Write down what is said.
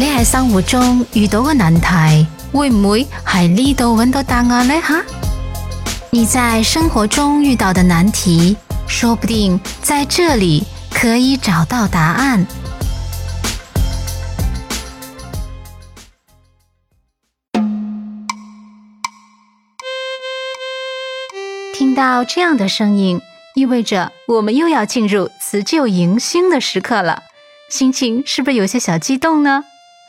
你喺生活中遇到嘅難題，會唔會喺呢度搵到答案呢？吓！你在生活中遇到的難題，說不定在這裏可以找到答案。聽到這樣的聲音，意味着我們又要進入辭舊迎新的時刻了，心情是不是有些小激動呢？